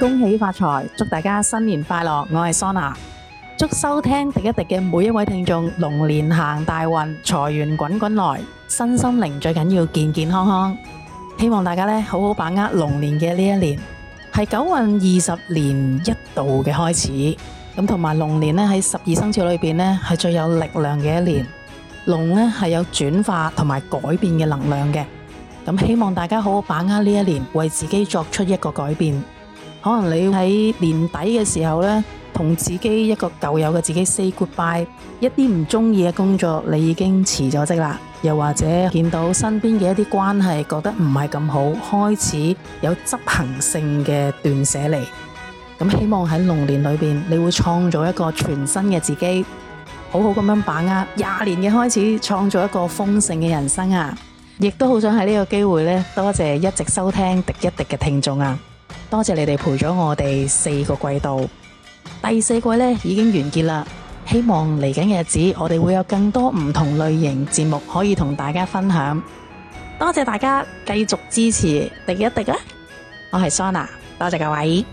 恭喜發財，祝大家新年快樂！我係 Sona，祝收聽《迪一迪》嘅每一位聽眾龍年行大運，財源滾滾來，身心靈最緊要健健康康。希望大家咧好好把握龍年嘅呢一年，係九運二十年一度嘅開始。咁同埋龍年呢喺十二生肖裏邊呢係最有力量嘅一年，龍呢係有轉化同埋改變嘅能量嘅。咁希望大家好好把握呢一年，為自己作出一個改變。可能你喺年底嘅時候呢，同自己一個舊友嘅自己 say goodbye，一啲唔中意嘅工作你已經辭咗職啦，又或者見到身邊嘅一啲關係覺得唔係咁好，開始有執行性嘅斷捨離。咁希望喺龍年裏邊，你會創造一個全新嘅自己，好好咁樣把握廿年嘅開始，創造一個豐盛嘅人生啊！亦都好想喺呢個機會呢，多謝一直收聽《迪一迪》嘅聽眾啊！多謝你哋陪咗我哋四個季度，第四季呢已經完結啦。希望嚟緊嘅日子，我哋會有更多唔同類型節目可以同大家分享。多謝大家繼續支持，迪一迪啦！我係 Sona，多謝各位。